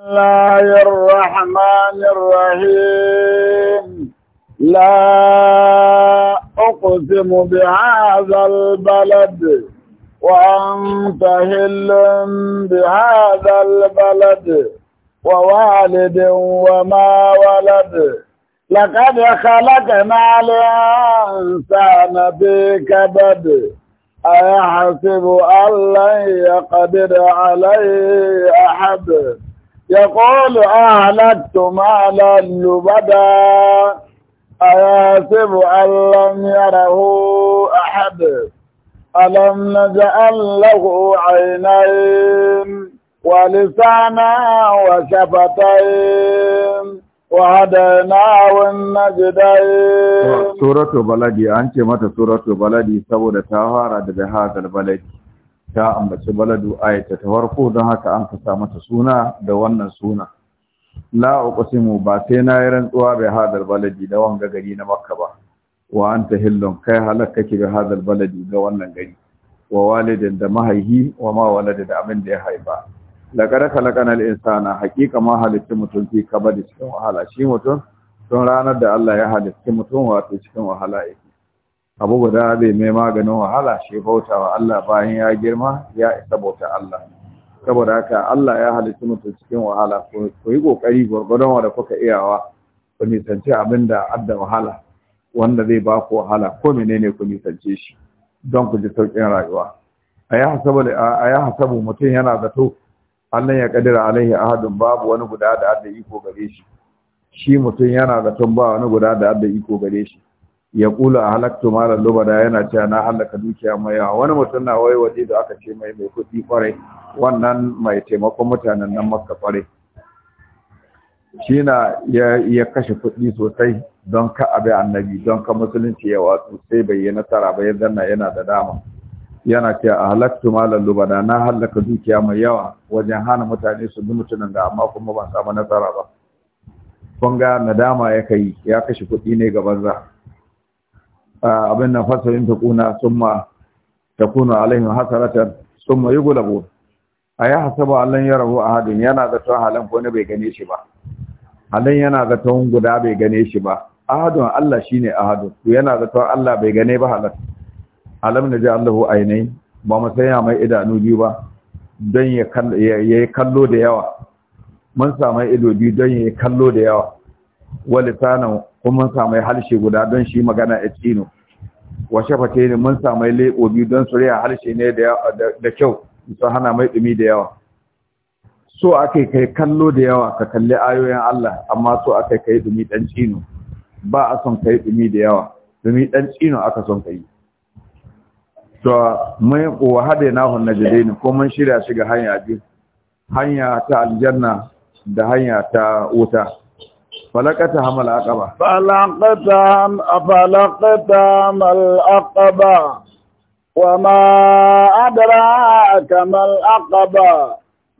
الله الرحمن الرحيم لا أقسم بهذا البلد وأنت هل بهذا البلد ووالد وما ولد لقد خلقنا الإنسان بكبد أيحسب أن لن يقدر عليه أحد ya kọlu alatọ maala lubada a ya sebu alam yara hu a haɗe alam na ji allahu a yanayi wa lisana wa shafatai wa hadana wunna jidai suratu baladi an ce mata suratu baladi saboda ta fara daga hakar baladi ta ambaci baladu ayata ta farko don haka an fasa mata suna da wannan suna la uqsimu ba sai na yi rantsuwa bai hadar baladi da wanga gari na makka ba wa anta hillun kai halakka ki bi hadal baladi ga wannan gari wa walidin da mahaihi wa ma walada da abin da ya haifa laqad khalaqana al-insana haqiqa ma halitta mutum fi kabadi cikin wahala shi mutum don ranar da Allah ya halitta mutum wato cikin wahala yake abu guda bai mai maganin wahala shi bauta wa Allah bayan ya girma ya isa bauta Allah saboda haka Allah ya halitta mutum cikin wahala ku yi kokari gwargwadon da kuka iyawa ku nisanci abin da adda wahala wanda zai ba ku wahala ko menene ku nisanci shi don ku ji sauƙin rayuwa a ya hasabu mutum yana zato Allah ya kadira alaihi ahadun babu wani guda da adda iko gare shi shi mutum yana zaton ba wani guda da adda iko gare shi ya kula a halaktu malar lubada yana cewa na halaka dukiya mai yawa wani mutum na wai waje da aka ce mai mai kuɗi kwarai wannan mai taimakon mutanen nan makka kwarai shi na ya kashe kuɗi sosai don ka abai annabi don ka musulunci ya watsu sai bai yi nasara ba yadda na yana da dama yana ce a halaktu malar lubada na halaka dukiya mai yawa wajen hana mutane su bi mutunan da amma kuma ban samu nasara ba kun ga nadama ya kai ya kashe kuɗi ne ga banza abin nan fasarin ta kuna summa takunu alaihim hasaratan summa yughlabu a ya hasaba allan a hadin yana da tawon halin ko ne bai gane shi ba halin yana da tawon guda bai gane shi ba ahadun allah shine ahadun to yana da tawon allah bai gane ba halan alam naji allahu ainihi ba mu sanya mai idanu biyu ba don ya yi kallo da yawa mun samu ido biyu don ya yi kallo da yawa wani sanan kuma mun samu harshe guda don shi magana a tino wa shafate ne mun samu laifobi don su harshe ne da kyau sun hana mai ɗumi da yawa so aka kai kallo da yawa ka kalli ayoyin Allah amma so aka kai ɗumi ɗan cino ba a son kai ɗumi da yawa ɗumi ɗan cino aka son kai to mai wa hade na hun ne, ko mun shirya shiga hanya biyu hanya ta aljanna da hanya ta wuta فلقتهم العقبة فلقتهم فلقتهم العقبة وما أدراك ما العقبة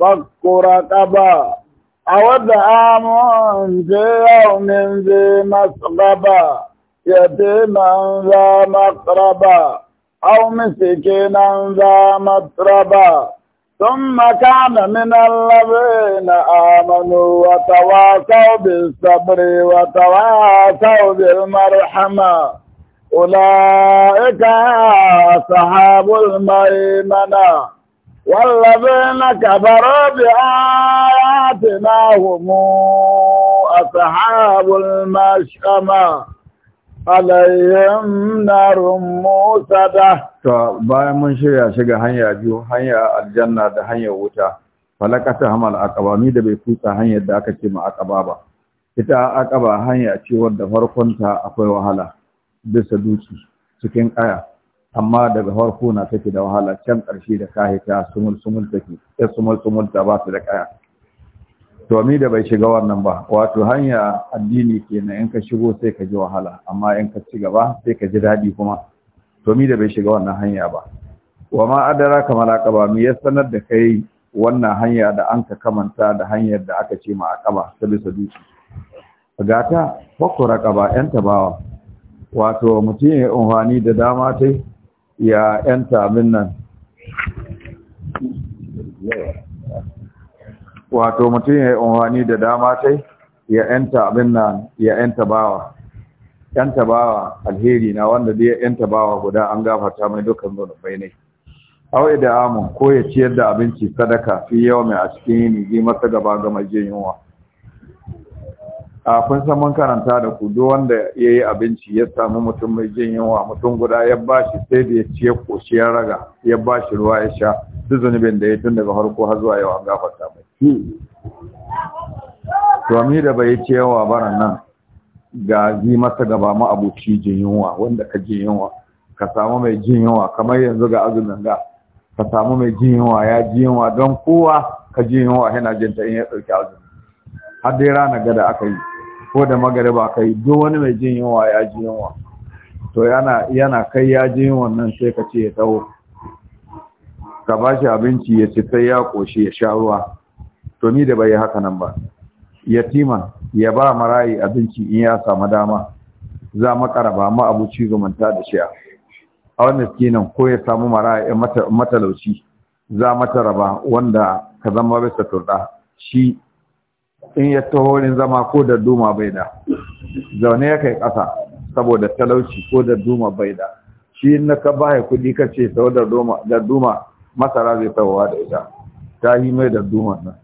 فك رقبا اود دعام في يوم ذي مسقبا يتيما ذا مقربا أو مسكينا ذا مطربة ثم كان من الذين آمنوا وتواصوا بالصبر وتواصوا بالمرحمة أولئك أصحاب الميمنة والذين كفروا بآياتنا هم أصحاب المشأمة alayhim narun da. to bayan mun shirya shiga hanya biyu hanya aljanna da hanyar wuta falakata hamal akaba ni da bai kusa hanyar da aka ce ma aqaba ba ita akaba hanya ce wadda farkon ta akwai wahala bisa duki cikin ƙaya amma daga farko na take da wahala can ƙarshe da kahita sumul sumul take sumul sumul ta ba su da ƙaya. to mi da bai shiga wannan ba wato hanya addini kenan in ka shigo sai ka ji wahala amma in ka ci gaba sai ka ji daɗi kuma to da bai shiga wannan hanya ba wa ma adara malaka ba mi ya sanar da kai wannan hanya da an ka kamanta da hanyar da aka ce ma akaba ta bisa duki gata bakko ba yan tabawa wato mutum ya umfani da dama tai ya yan tabin nan wato mutum ya yi unhwani da dama tai ya yanta abin nan ya yanta bawa yanta bawa alheri na wanda da ya yanta bawa guda an gafarta mai dukkan zunubai ne aw amun ko ya ciyar da abinci sadaka fi yau mai a cikin yini ji masa gaba ga mai yunwa a kun san mun karanta da ku duk wanda ya yi abinci ya samu mutum mai jin yunwa mutum guda ya bashi sai da ya ciye koshi ya raga ya bashi ruwa ya sha duk zunubin da ya tun daga farko har zuwa yau an gafarta mai to da bai ce yawa baran nan ga zi masa gaba ma abuci jin yunwa wanda ka jin yunwa ka samu mai jin yunwa kamar yanzu ga azumin ga ka samu mai jin yunwa ya ji yunwa don kowa ka jin yunwa yana jin ta in ya dauki azumi har dai rana gada aka yi ko da magariba aka yi duk wani mai jin yunwa ya ji yunwa to yana yana kai ya ji yunwa nan sai ka ce ya taho ka ba shi abinci ya ci sai ya koshi ya sha ruwa to ni da bai yi haka nan ba yatima ya ba marayi abinci in ya samu dama za makaraba ma abuci zumunta da shiya a wani miskinin ko ya samu marayi eh, matalauci za mata raba wanda ka zama bisa turɗa shi in ya tahorin zama ko da duma bai da zaune ya kai ƙasa saboda talauci ko da duma bai da shi na ka baya kuɗi ka ce sau da duma masara zai tawowa da ita ta yi mai da duma nan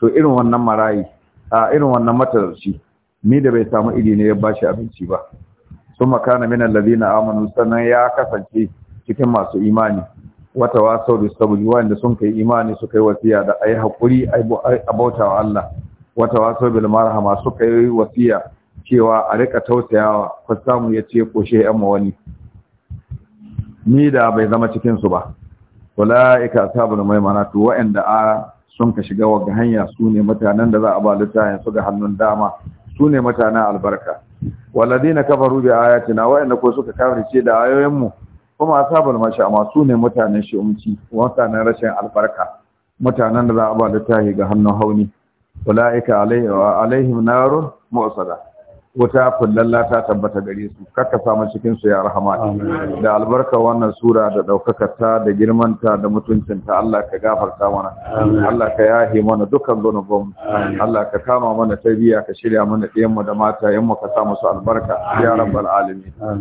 to irin wannan marayi a irin wannan matarci ni da bai samu iri ne ya bashi abinci ba sun makana min allazina amanu sannan ya kasance cikin masu imani wata wasau da sabuli wanda sun kai imani suka yi wasiya da ai hakuri ai wa Allah wata wasau bil marhama suka yi wasiya cewa a rika tausayawa ko samu ya ce koshe yan wani ni da bai zama cikin su ba ulaika ashabul maimana to wa'anda a sun ka shiga wagga hanya su ne mutanen da za a ba littafin su ga hannun dama su ne mutanen albarka walladina kafaru bi ayatina wa'anda ko suka kafirce da ayoyin mu kuma asabul mashi amma su ne mutanen shi'umci mutanen rashin albarka mutanen da za a ba littafi ga hannun hauni ulaika alaihim narun mu'sada wuta kullalla ta tabbata gare su kakka samu cikin su ya rahama da albarka wannan sura da daukakar ta da girmanta da mutuncin ta Allah ka gafarta mana Allah ka yahi mana dukkan gunubin Allah ka kama mana tarbiya ka shirya mana ɗiyan mu da mata yan mu ka sa musu albarka ya rabbal alamin